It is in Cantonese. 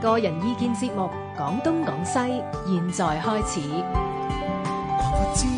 個人意見節目，講東講西，現在開始。